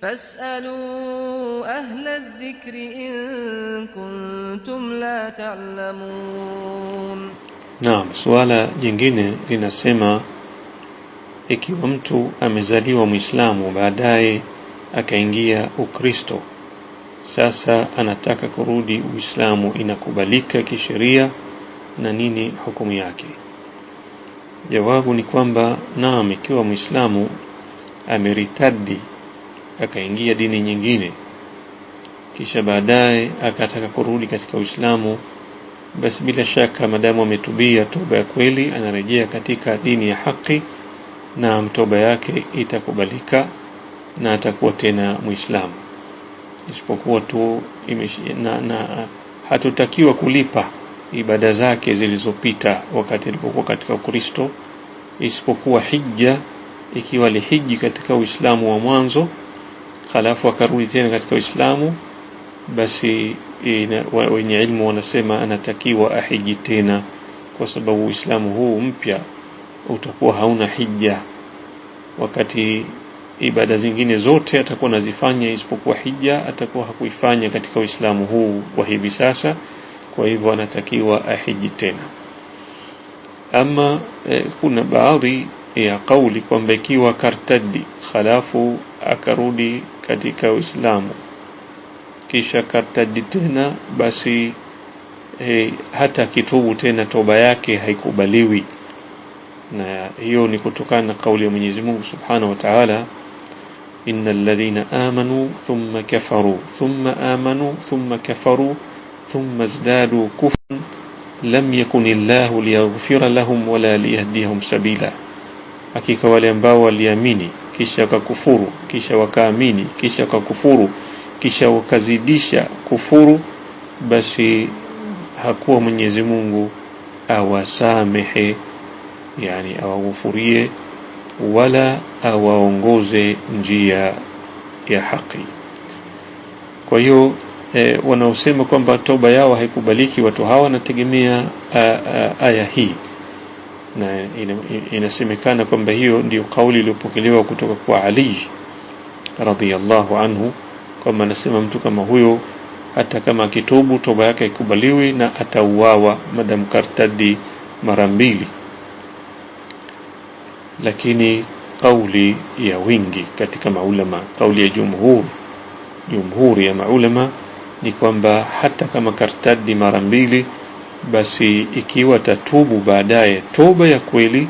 Fasalu ahla dhikri in kuntum la ta'lamun. Naam, suala jingine linasema ikiwa mtu amezaliwa Mwislamu baadaye akaingia Ukristo, sasa anataka kurudi Uislamu, inakubalika kisheria na nini hukumu yake? Jawabu ni kwamba naam, ikiwa Mwislamu ameritadi akaingia dini nyingine kisha baadaye akataka kurudi katika Uislamu, basi bila shaka madamu ametubia toba ya kweli, anarejea katika dini ya haki na mtoba yake itakubalika na atakuwa tena Muislamu, isipokuwa tu na, na hatutakiwa kulipa ibada zake zilizopita wakati alipokuwa katika Ukristo, isipokuwa hija, ikiwa lihiji katika Uislamu wa mwanzo halafu akarudi tena katika Uislamu, basi wenye ilmu wanasema anatakiwa ahiji tena, kwa sababu Uislamu huu mpya utakuwa hauna hija, wakati ibada zingine zote atakuwa anazifanya isipokuwa hija atakuwa hakuifanya katika Uislamu huu wa hivi sasa. Kwa hivyo anatakiwa ahiji tena. Ama eh, kuna baadhi ya kauli kwamba ikiwa kartadi halafu akarudi katika Uislamu kisha kartaji tena basi hey, hata kitubu tena toba yake haikubaliwi na hiyo ni kutokana na kauli ya Mwenyezi Mungu Subhanahu wa Ta'ala innal ladhina amanu thumma kafaru thumma amanu thumma kafaru thumma zdadu kufran lam yakunillahu liyaghfira lahum wala liyahdihum sabila Hakika wale ambao waliamini kisha wakakufuru kisha wakaamini kisha wakakufuru kisha wakazidisha kufuru, basi hakuwa Mwenyezi Mungu awasamehe, yani awaghufurie wala awaongoze njia ya haki. Kwa hiyo e, wanaosema kwamba toba yao haikubaliki watu hawa wanategemea eh, eh, aya hii na inasemekana kwamba hiyo ndiyo kauli iliyopokelewa kutoka kwa Ali radhiallahu anhu kwamba anasema mtu kama huyo hata kama akitubu toba yake haikubaliwi na atauawa madam kartadi mara mbili lakini kauli ya wingi katika maulama kauli ya jumhur jumhuri ya maulama ni kwamba hata kama kartadi mara mbili basi ikiwa tatubu baadaye toba ya kweli,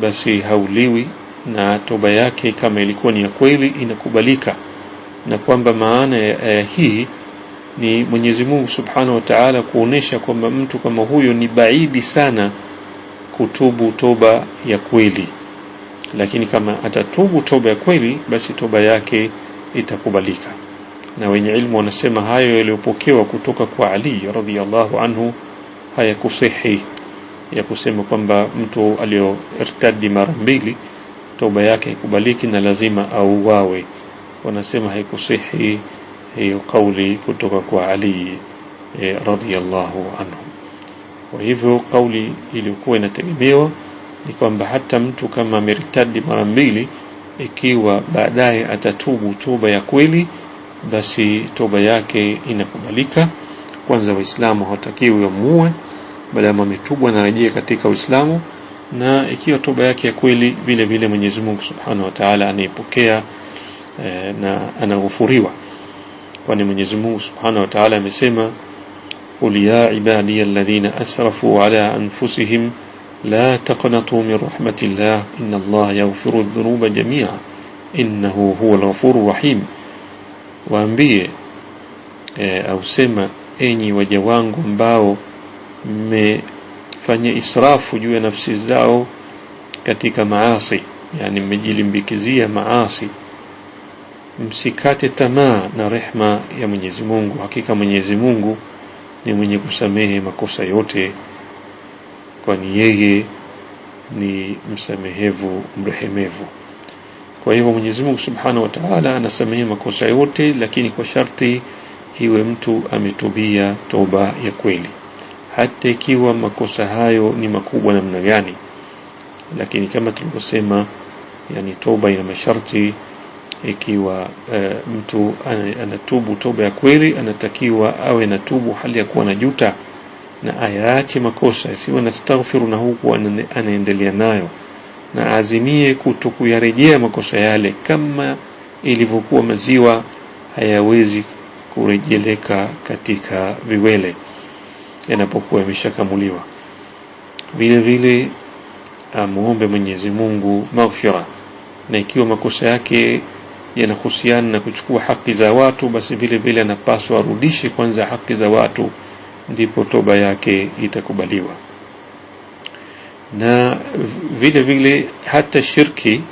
basi hauliwi na toba yake kama ilikuwa ni ya kweli inakubalika, na kwamba maana ya ya hii ni Mwenyezi Mungu Subhanahu wa Ta'ala kuonesha kwamba mtu kama huyo ni baidi sana kutubu toba ya kweli, lakini kama atatubu toba ya kweli, basi toba yake itakubalika. Na wenye ilmu wanasema hayo yaliyopokewa kutoka kwa Ali radhiyallahu anhu hayakusihi ya kusema kwamba mtu aliyoirtadi mara mbili toba yake haikubaliki na lazima auawe wanasema haikusihi hiyo kauli kutoka kwa Ali e, radhiallahu anhu kwa hivyo kauli iliyokuwa inategemewa ni kwamba hata mtu kama ameritadi mara mbili ikiwa baadaye atatubu toba ya kweli basi toba yake inakubalika kwanza waislamu hawatakiwi wamuue baada ya ametubu anarejea katika Uislamu na ikiwa toba yake ya kweli vile vile Mwenyezi Mungu Subhanahu wa Ta'ala anaipokea e, na anaghufuriwa kwani Mwenyezi Mungu Subhanahu wa Ta'ala amesema qul ya ibadi alladhina asrafu ala anfusihim la taqnatu min rahmatillah inna Allah yaghfiru dhunuba jamia innahu huwal ghafurur rahim waambie e, au sema enyi waja wangu ambao mmefanya israfu juu ya nafsi zao katika maasi yani mmejilimbikizia maasi msikate tamaa na rehma ya Mwenyezi Mungu hakika Mwenyezi Mungu ni mwenye kusamehe makosa yote kwani yeye ni msamehevu mrehemevu kwa hivyo Mwenyezi Mungu Subhanahu wa Ta'ala anasamehe makosa yote lakini kwa sharti iwe mtu ametubia toba ya kweli hata ikiwa makosa hayo ni makubwa namna gani lakini kama tulivyosema yani toba ina masharti ikiwa e, mtu anatubu toba ya kweli anatakiwa awe natubu hali ya kuwa najuta na ayaache makosa isiwe nastaghfiru na huku anaendelea nayo na azimie kutokuyarejea makosa yale kama ilivyokuwa maziwa hayawezi kurejeleka katika viwele yanapokuwa yameshakamuliwa vile vile amuombe ah, Mwenyezi Mungu maghfira na ikiwa makosa yake yanahusiana na kuchukua haki za watu basi vile vile anapaswa arudishe kwanza haki za watu ndipo toba yake itakubaliwa na vile vile hata shirki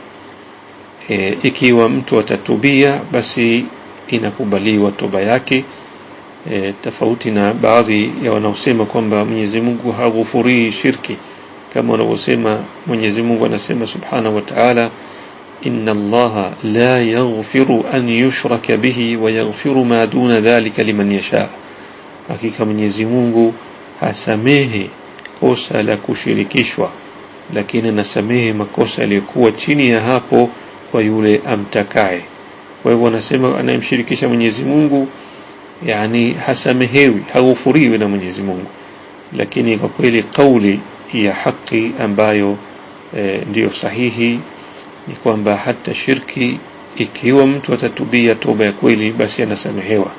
e, ikiwa mtu atatubia basi inakubaliwa toba yake e, tofauti na baadhi ya wanaosema kwamba Mwenyezi Mungu haghufurii shirki kama wanavyosema Mwenyezi Mungu anasema subhanahu wa ta'ala inna allaha la yaghfiru an yushraka bihi wa yaghfiru ma duna dhalika liman yasha hakika Mwenyezi Mungu hasamehe kosa la kushirikishwa lakini anasamehe makosa yaliyokuwa chini ya hapo kwa yule amtakaye kwa hivyo anasema anayemshirikisha Mwenyezi Mungu yani hasamehewi haghufuriwi na Mwenyezi Mungu lakini kwa kweli kauli ya haki ambayo e, ndiyo sahihi ni kwamba hata shirki ikiwa mtu atatubia toba ya kweli basi anasamehewa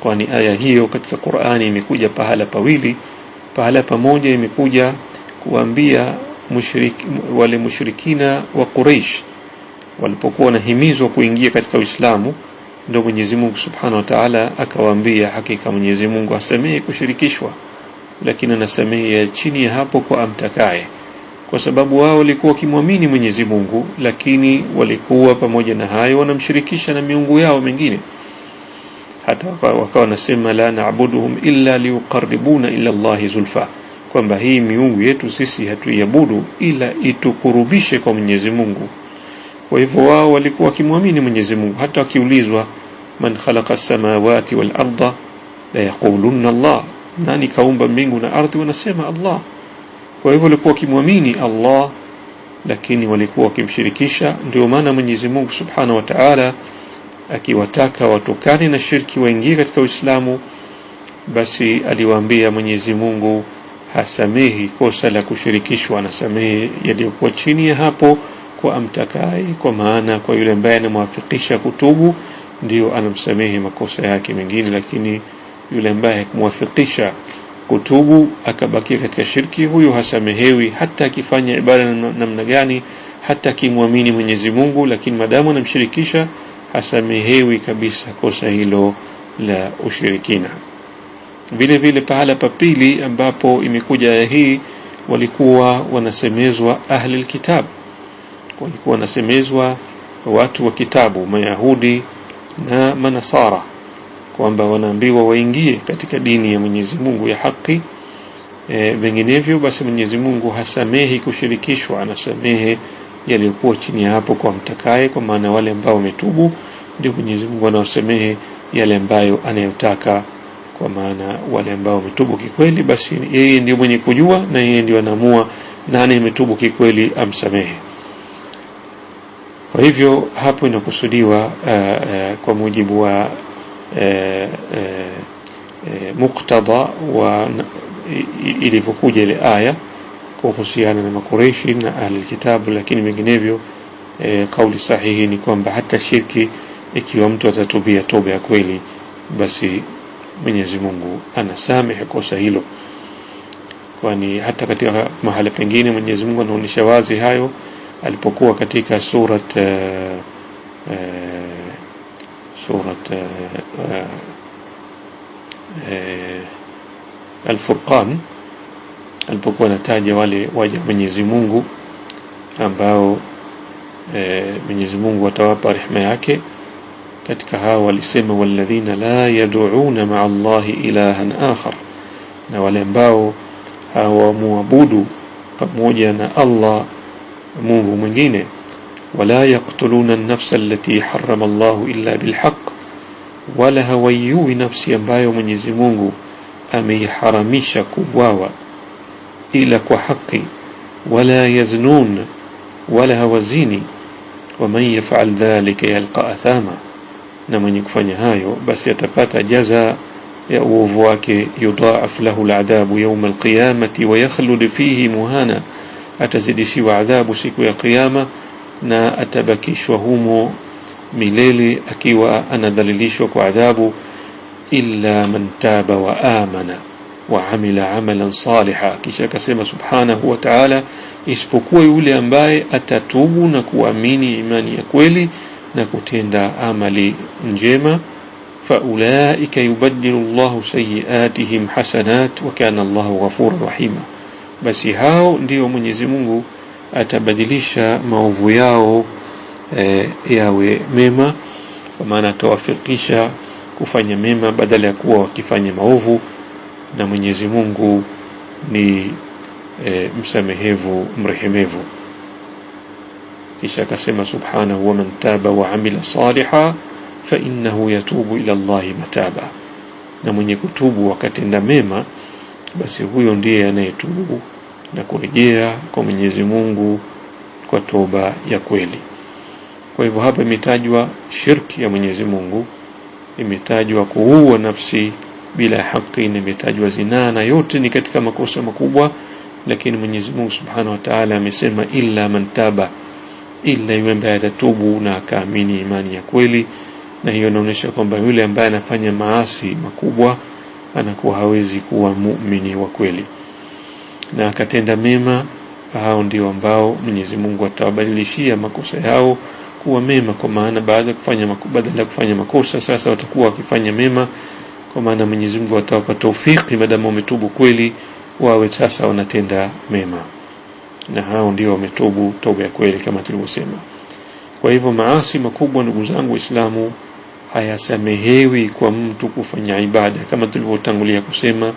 kwani aya hiyo katika Qur'ani imekuja pahala pawili pahala pamoja imekuja kuambia mushriki, wale mushrikina wa Quraysh walipokuwa wanahimizwa kuingia katika Uislamu ndio Mwenyezi Mungu Subhanahu wa Ta'ala akawaambia, hakika Mwenyezi Mungu asamehe kushirikishwa, lakini anasamehe ya chini ya hapo kwa amtakaye, kwa sababu wao walikuwa wakimwamini Mwenyezi Mungu, lakini walikuwa pamoja na hayo wanamshirikisha na miungu yao mingine, hata wakawa wanasema la na'buduhum illa liqarribuna ila Allah zulfa, kwamba hii miungu yetu sisi hatuiabudu ila itukurubishe kwa Mwenyezi Mungu. Kwa hivyo wao walikuwa wakimwamini Mwenyezi Mungu, hata wakiulizwa man khalaqa samawati wal arda la yaqulunna Allah, nani kaumba mbingu na ardhi, wanasema Allah. Kwa hivyo walikuwa wakimwamini Allah, lakini walikuwa wakimshirikisha. Ndio maana Mwenyezi Mungu subhanahu wa taala akiwataka watokane na shirki waingie katika Uislamu, basi aliwaambia Mwenyezi Mungu hasamehi kosa la kushirikishwa, anasamehe yaliyokuwa chini ya hapo kwa amtakaye, kwa maana kwa yule ambaye anamwafikisha kutubu ndio anamsamehe makosa yake mengine, lakini yule ambaye hakumwafikisha kutubu akabakia katika shirki, huyu hasamehewi hata akifanya ibada namna gani, hata akimwamini Mwenyezi Mungu, lakini madamu anamshirikisha hasamehewi kabisa kosa hilo la ushirikina. Vile vile pahala pa pili ambapo imekuja aya hii, walikuwa wanasemezwa ahli kitab walikuwa wanasemezwa watu wa kitabu mayahudi na manasara kwamba wanaambiwa waingie katika dini ya Mwenyezi Mungu ya haki e, vinginevyo basi Mwenyezi Mungu hasamehi kushirikishwa anasamehe yaliyokuwa chini ya hapo kwa mtakaye kwa maana wale ambao wametubu ndio Mwenyezi Mungu anawasamehe yale ambayo anayotaka kwa maana wale ambao wametubu kikweli basi yeye ndio mwenye kujua na yeye ndio anaamua nani ametubu kikweli amsamehe kwa hivyo hapo inakusudiwa uh, uh, kwa mujibu wa uh, uh, muktadha wa ilivyokuja ile aya kuhusiana na Makureishi na Ahlilkitabu, lakini vinginevyo E, kauli sahihi ni kwamba hata shirki ikiwa mtu atatubia toba ya kweli, basi Mwenyezi Mungu anasamehe kosa hilo, kwani hata katika mahala pengine Mwenyezi Mungu anaonyesha wazi hayo alipokuwa katika surat uh, uh, surat uh, uh, Al-Furqan alipokuwa anataja wale waja Mwenyezi Mungu ambao e, Mwenyezi Mungu atawapa rehema yake. Katika hao walisema walladhina la yad'una ma'a Allahi ilahan akhar, na wale ambao hawamuabudu pamoja na Allah مو مجينه ولا يقتلون النفس التي حرم الله إلا بالحق ولا هويو نفس يبايو من يزمونه أمي حرميش كواوا إلا كحق ولا يزنون ولا هوزيني ومن يفعل ذلك يلقى أثاما نمن يكفني هايو بس يتفات جزاء يأوفواك يضاعف له العذاب يوم القيامة ويخلد فيه مهانا atazidishiwa adhabu siku ya Kiyama na atabakishwa humo milele akiwa anadhalilishwa kwa adhabu. illa man taba wa amana wa amila amalan saliha, kisha akasema subhanahu wa ta'ala, isipokuwa yule ambaye atatubu na kuamini imani ya kweli na kutenda amali njema. faulaika yubadilu llahu sayiatihim hasanat wa kana llahu ghafura rahima basi hao ndio Mwenyezi Mungu atabadilisha maovu yao e, yawe mema, kwa maana atawafikisha kufanya mema badala ya kuwa wakifanya maovu, na Mwenyezi Mungu ni e, msamehevu mrehemevu. Kisha akasema subhanahu, waman taba wa amila saliha fa innahu yatubu ila Allahi mataba, na mwenye kutubu wakatenda mema basi huyo ndiye anayetubu na kurejea kwa Mwenyezi Mungu kwa toba ya kweli. Kwa hivyo hapa imetajwa shirki ya Mwenyezi Mungu, imetajwa kuua nafsi bila haki na imetajwa zinaa, na yote ni katika makosa makubwa, lakini Mwenyezi Mungu Subhanahu wa Ta'ala amesema illa man taba, illa yule ambaye atatubu na akaamini imani ya kweli, na hiyo inaonyesha kwamba yule ambaye anafanya maasi makubwa anakuwa hawezi kuwa muumini wa kweli na akatenda mema hao ndio ambao Mwenyezi Mungu atawabadilishia makosa yao kuwa mema kwa maana baada ya kufanya makosa kufanya makosa sasa watakuwa wakifanya mema kwa maana Mwenyezi Mungu atawapa taufiki madamu umetubu kweli wawe sasa wanatenda mema na hao ndio wametubu toba ya kweli kama tulivyosema kwa hivyo maasi makubwa ndugu zangu Waislamu hayasamehewi kwa mtu kufanya ibada kama tulivyotangulia kusema,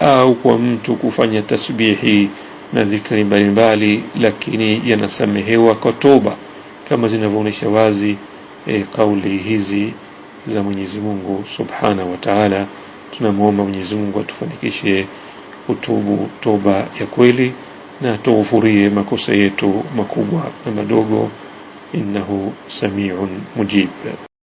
au kwa mtu kufanya tasbihi na dhikri mbalimbali, lakini yanasamehewa kwa toba, kama zinavyoonyesha wazi e, kauli hizi za Mwenyezi Mungu Subhanahu wa Ta'ala. Tunamwomba Mwenyezi Mungu atufanikishe utubu toba ya kweli na tuufurie makosa yetu makubwa na madogo, innahu samiun mujib.